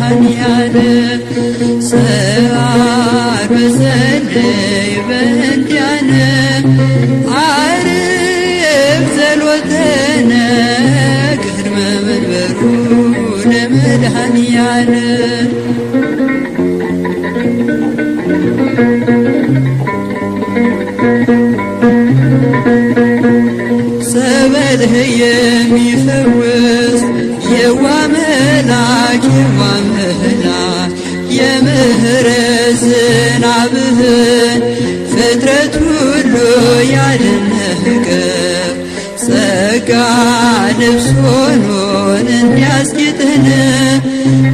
መድኃኒዓለም ሰአል በሰለይ በእንቲአነ አርብ ጸሎተነ ቅድመ መንበሩ ለመድኃኒዓለም ጸበልህ የሚፈው አምላክ የማምህናት የምህረት ዝናብህን ፍጥረት ሁሉ ያደነቀው ጸጋ ልብስ ሆኖን እንዲያስጌጥን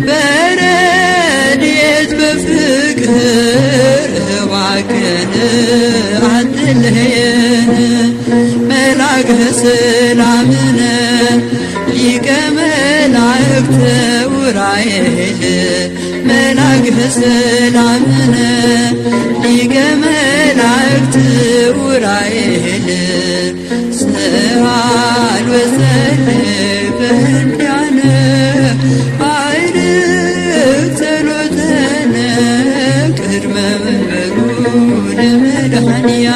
በረድኤት በፍቅር እባክን አትለየን መላከ ሰላምነ መላእክት ዑራኤል መላእክተ ሰላምነ ሊቀ መላእክት ዑራኤል ስብሐት ጸሎተነ ቅድመ መንበሩ ለመድኃኒያ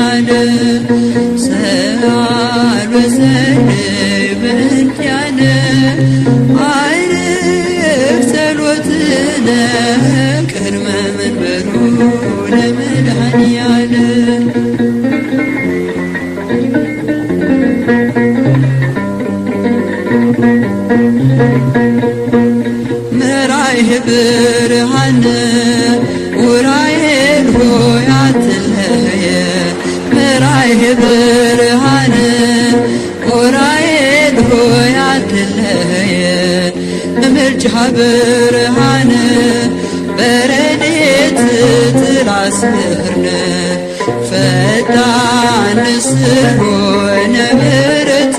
ምራይህ ብርሃን ውራይል ሆይ አትለየ ምራይህ ብርሃን ውራይል ሆይ አትለየ ምርጫ ብርሃን በረዴት ትላስርነ ፈጣን ስሆነ ምርት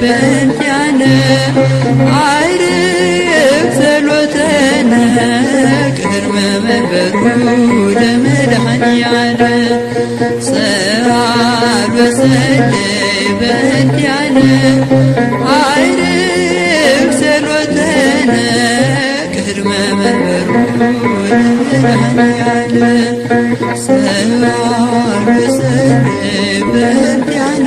በእኛነ አይርብ ጸሎተነ ቅድመ መንበሩ ለመድኃኒያነ ሰዓል ወጸለይ በእኛነ አይርብ ጸሎተነ ቅድመ መንበሩ ለመድኃኒያነ ሰዓል ወጸለይ በእኛነ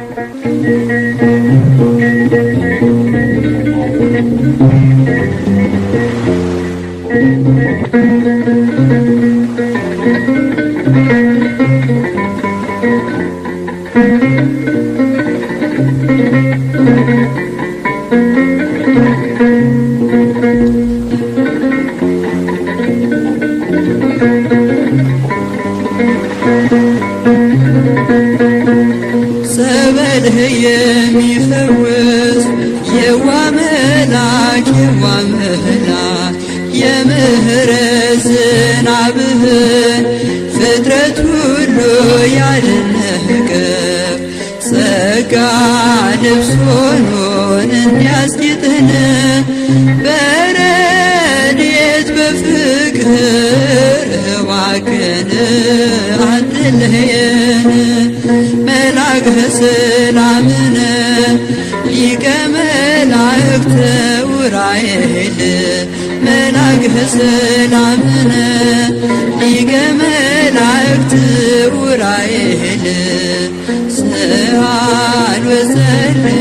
በል የሚፈውስ የዋ መላክ የዋ መላክ የምህረት ዝናብህን ፍጥረት ሁሉ ያልነቀፍ ጸጋ ልብስ ሆኖን እንዲያስጌጥን በረድኤት በፍቅር እባክን አትለየን ሀገረ ሰላምነ ሊቀ ሰላምነ ሊቀ ሰአል ወሰለ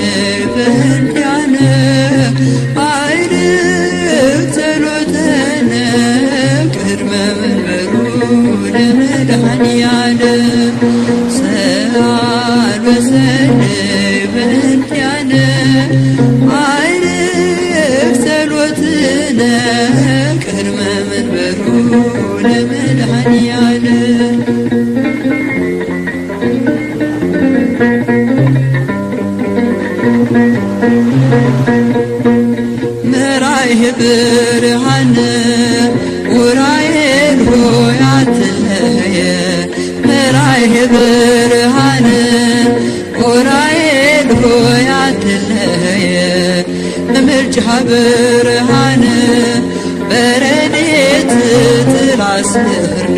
ዑራኤል ሆይ አትለየ በምልጃህ ብርሃን በረድኤት ጥላ ስር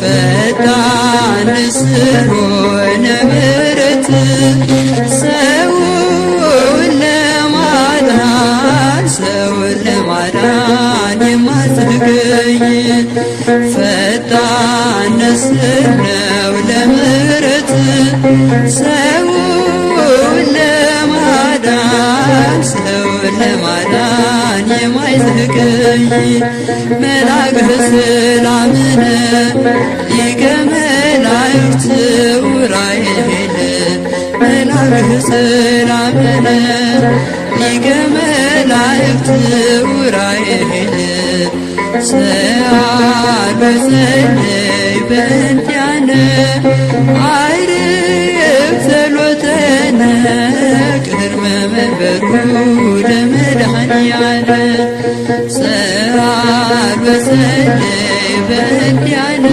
ፈጣን ንስር ሆይ ነብር መላእክተ ሰላምነ ሊቀ መላእክት ኡራኤል ሰላምነ ሊቀ መላእክት በእንቲአነ ጸሎተነ ቅድመ መንበሩ መሰለይ በህያነ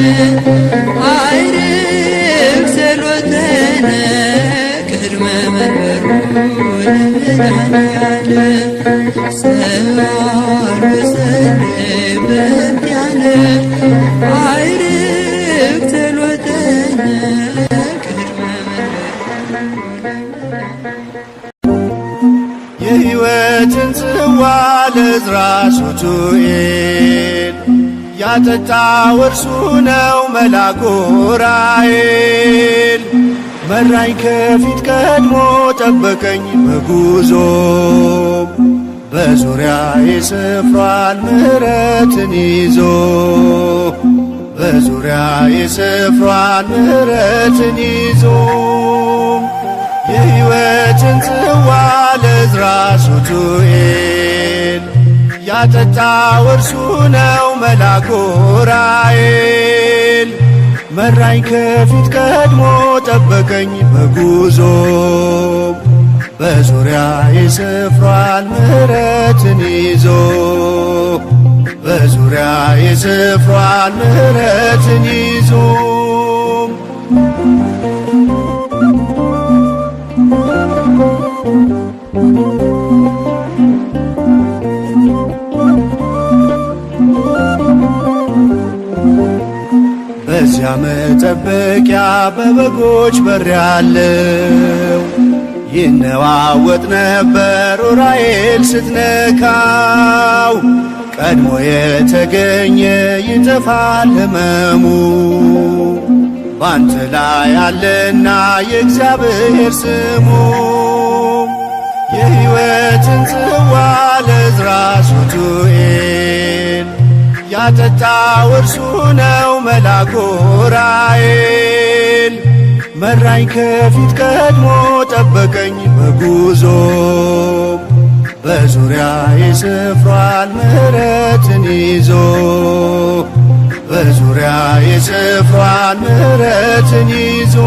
አይርግ ጸሎተነ ቅድመ መንበሩ ለመድኃኔዓለ ሰዋር መሰለይ በህያነ አይርግ ጸሎተነ ቅድመ መንበሩ የሕይወትን ጽዋ ለዝራ ሱቱኤ ያጠጣው እርሱ ነው መላኩ ኡራኤል። መራኝ ከፊት ቀድሞ ጠበቀኝ በጉዞ በዙሪያ ሰፍሯል ምሕረትን ይዞ በዙሪያ ሰፍሯል ምሕረትን ይዞ የሕይወትን ጽዋ ለዕዝራ ሱቱኤል ያጠጣው እርሱ ነው መላኩ ኡራኤል። መራኝ ከፊት ቀድሞ ጠበቀኝ በጉዞ በዙሪያ የስፍሯል ምሕረትን ይዞ በዙሪያ የስፍሯል ምሕረትን ይዞ ያ መጠበቂያ በበጎች በር ያለው ይነዋወጥ ነበር ዑራኤል ስትነካው ቀድሞ የተገኘ ይጠፋል ህመሙ ባንተ ላይ አለና የእግዚአብሔር ስሙ የሕይወትን ጽዋ ለዝራ ሱቱኤል ያጠጣው እርሱ ነው መላኩ ራኤል። መራኝ ከፊት ቀድሞ ጠበቀኝ በጉዞ በዙሪያ ይስፍሯል ምረትን ይዞ በዙሪያ ይስፍሯል ምረትን ይዞ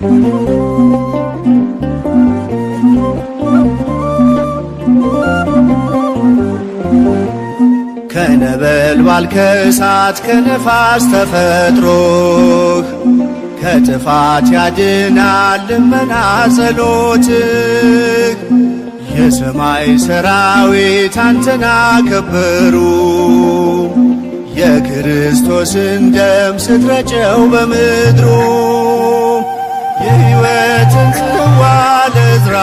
Thank you. ነበልባል ከእሳት ከነፋስ ተፈጥሮህ ከጥፋት ያድናል ልመና ጸሎትህ የሰማይ ሰራዊት አንተና ከበሩ የክርስቶስን ደም ስትረጨው በምድሩ የሕይወትን ጽዋ ለዕዝራ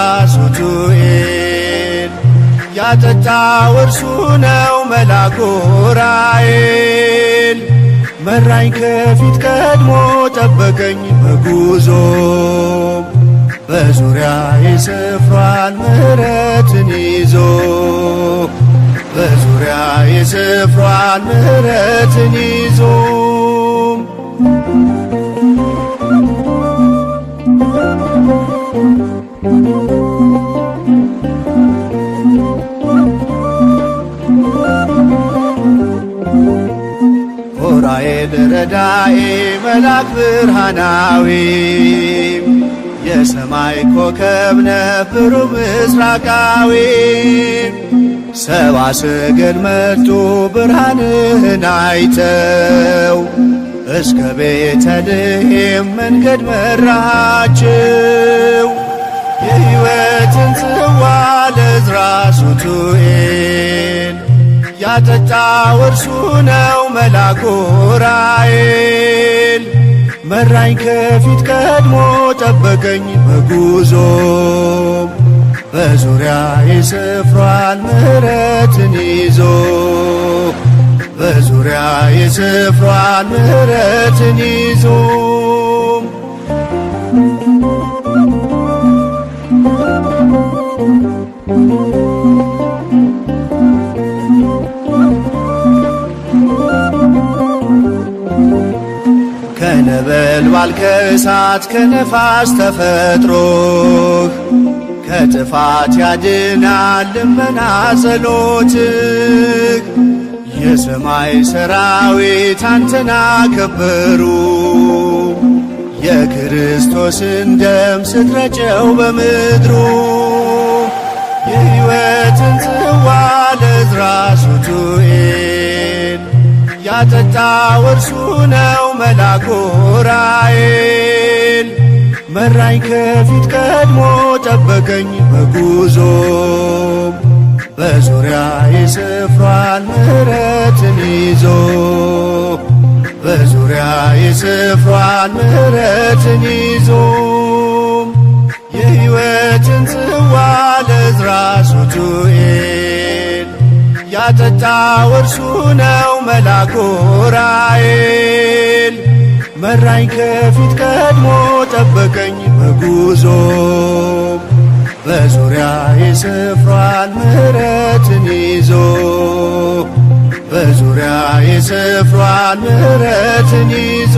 ያጠጣው እርሱ ነው መላኩ መራኝ ከፊት ቀድሞ ጠበቀኝ በጉዞ በዙሪያ የስፍሯል ምረትን ይዞ በዙሪያ የስፍሯል ምረትን ይዞ ገዳኤ መልአክ ብርሃናዊ የሰማይ ኮከብ ነብሩ ምስራቃዊ ሰብአ ሰገል መጡ ብርሃንህን አይተው እስከ ቤተልሔም መንገድ መራሃቸው የሕይወትን ጽዋ ለዕዝራ ሱቱኤል ያጠጣ እርሱ ነው መላኩ ራኤል መራኝ ከፊት ቀድሞ ጠበቀኝ በጉዞ በዙሪያ የስፍሯል ምሕረትን ይዞ በዙሪያ የስፍሯል ምሕረትን ይዞ ነበልባል ከእሳት ከነፋስ ተፈጥሮ ከጥፋት ያድናል ልመና ጸሎትህ የሰማይ ሰራዊት አንተና ከበሩ የክርስቶስን ደም ስትረጨው በምድሩ የሕይወትን ጽዋ ለዝራሱቱኤ ያጠጣው እርሱ ነው መላኩ ራኤል መራኝ ከፊት ቀድሞ ጠበቀኝ በጉዞ በዙሪያ የስፍራን ምረትን ይዞ በዙሪያ የስፍራን ምረትን ይዞ የሕይወትን ጽዋ ለዝራ ያጠጣው እርሱ ነው መላኩ ራኤል መራኝ ከፊት ቀድሞ ጠበቀኝ በጉዞ በዙሪያ የስፍሯል ምረትን ይዞ በዙሪያ የስፍሯል ምረትን ይዞ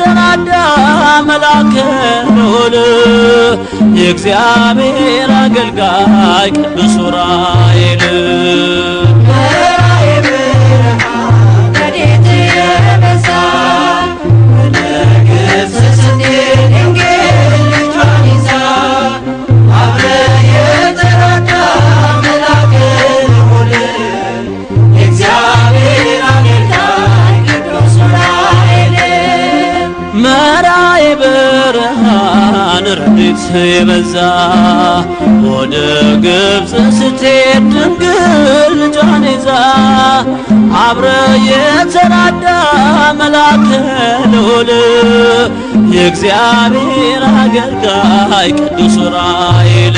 የተሰናዳ መላክሉን የእግዚአብሔር አገልጋይ ቅዱስ ዑራኤል ግብፅ ስትሄድ ድንግል ልጇን ይዛ አብረ የተራዳ መላከ ልዑል የእግዚአብሔር አገልጋይ ቅዱስ ዑራኤል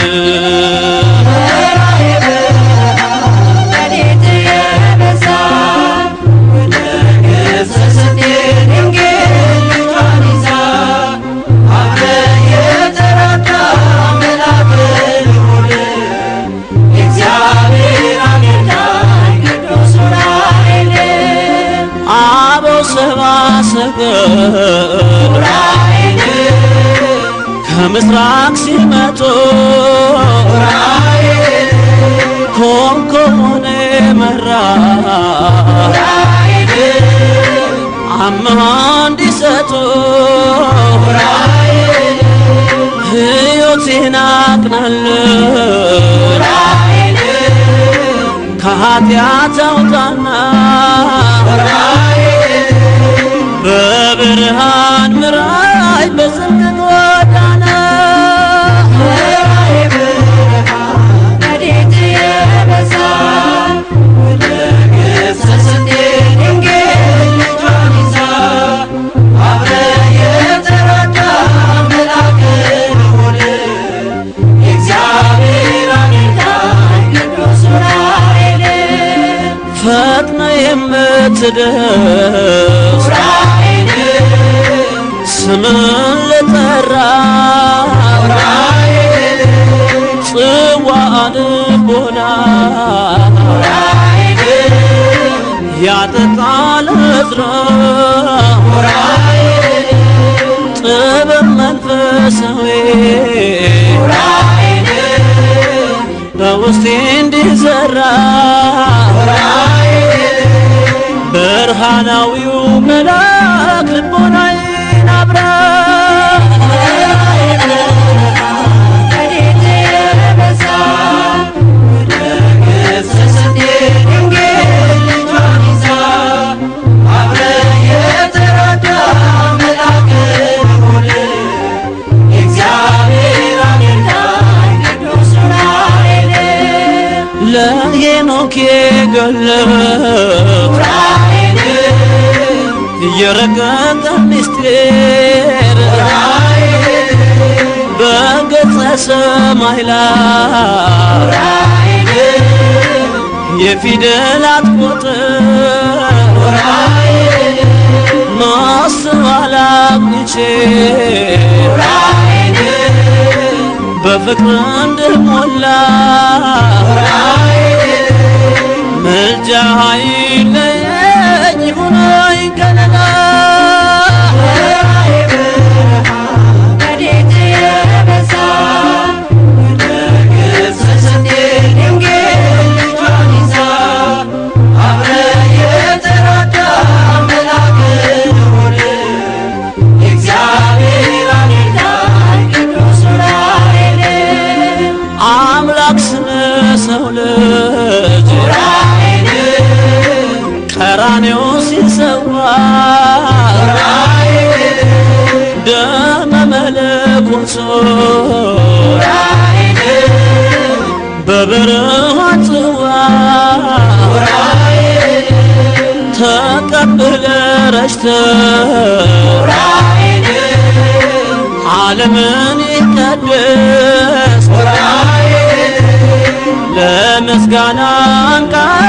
ከኃጢአት አውጣና በብርሃን ምራይ በጽ ልስደው ስምን ልጠራ ጽዋን ቦና ያጠጣል ዕዝራ ጥበብ መንፈሳዊ በውስጤ እንዲዘራ ብርሃናዊው መልአክ ልቦናዬን አብራ ለሄኖክ ገለበት የረቀቀ ምስጢር በገጸ ሰማይ ላይ የፊደላት ቁጥር ማሰብ አላምቼ በፍቅር እንድሞላ ምልጃ ኃይል Canada. ረስተው ዓለምን ይታደስ ለምስጋና አንቃ